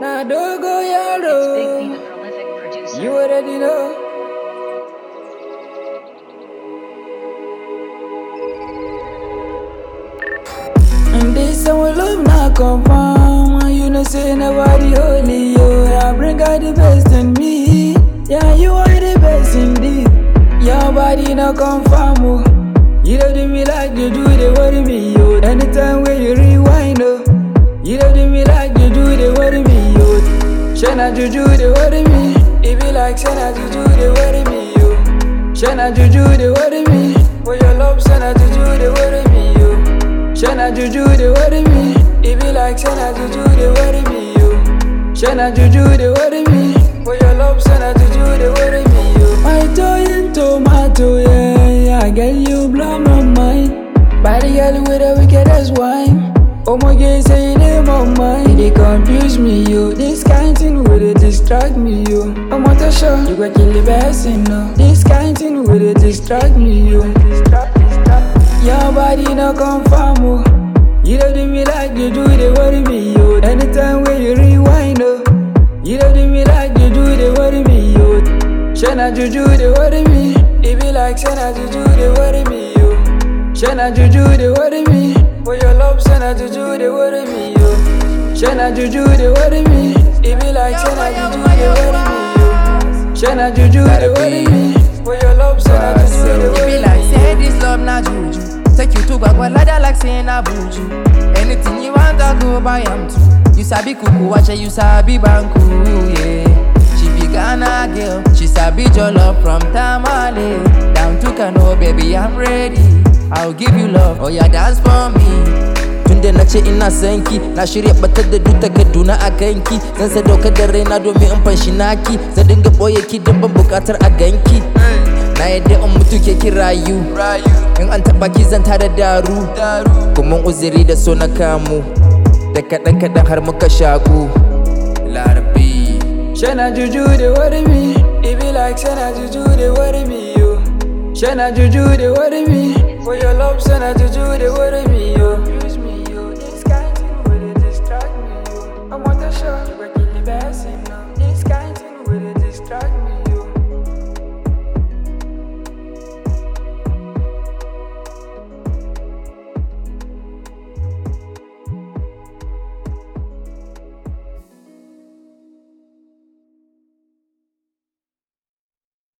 It's big prolific producer. You already know. And this our love not confirm. You know say nobody only you. I bring out the best in me. Yeah, you are the best indeed. Your body not confirm. Oh. You don't do me like you do. They worry me. Yo, oh. anytime when you rewind, oh. You don't do me like you do. They worry me. Shana Juju, they worry me. It be like Shana Juju, they worry me, yo. Shana Juju, they worry me. For your love, Shana Juju, they worry me, yo. Shana Juju, they worry me. It be like Shana Juju, they worry me, yo. Shana Juju, they worry me. For your love, Shana Juju, they worry me, yo. My toy and tomato, yeah, yeah. Girl, you blow my mind. the girl with a wicked ass wine. Oh my God, say it name on my distract me, yo. I'm not sure you got kill the best in no. This kind of thing will distract me, yo. Your body no confirm, oh. You don't do me like you do, they worry me, yo. Anytime when you rewind, oh. You don't do me like you do, they worry me, yo. Shana juju, they worry me. It be like Shana juju, they worry me, yo. Shana juju, they worry me. For your love, Shana juju, they worry me, yo. Shana juju they worry me. It be like Shana juju they worry me. Chena juju they worry me. For your love, Shana juju they worry me. It be like say this love na juju. Take you to Bagua ladder like say na buju. Anything you want, I go buy am too. You sabi kuku, watch you sabi banku, yeah. She be Ghana girl, she sabi love from Tamale down to Kano, baby I'm ready. I'll give you love, oh yeah, dance for me. inda na ce ina sanki na shirya batar da duk takarduna a ganki zan sadaukar da raina domin in fanshi naki zan dinga boye ki duk ban bukatar a ganki na yadda in mutu ke kirayu in an taba ki zan tare daru kuma uzuri da so na kamu da kaɗan kaɗan har muka shaku larabi shana juju da warmi it be like shana juju da warmi yo shana juju da warmi for your love shana juju da warmi yo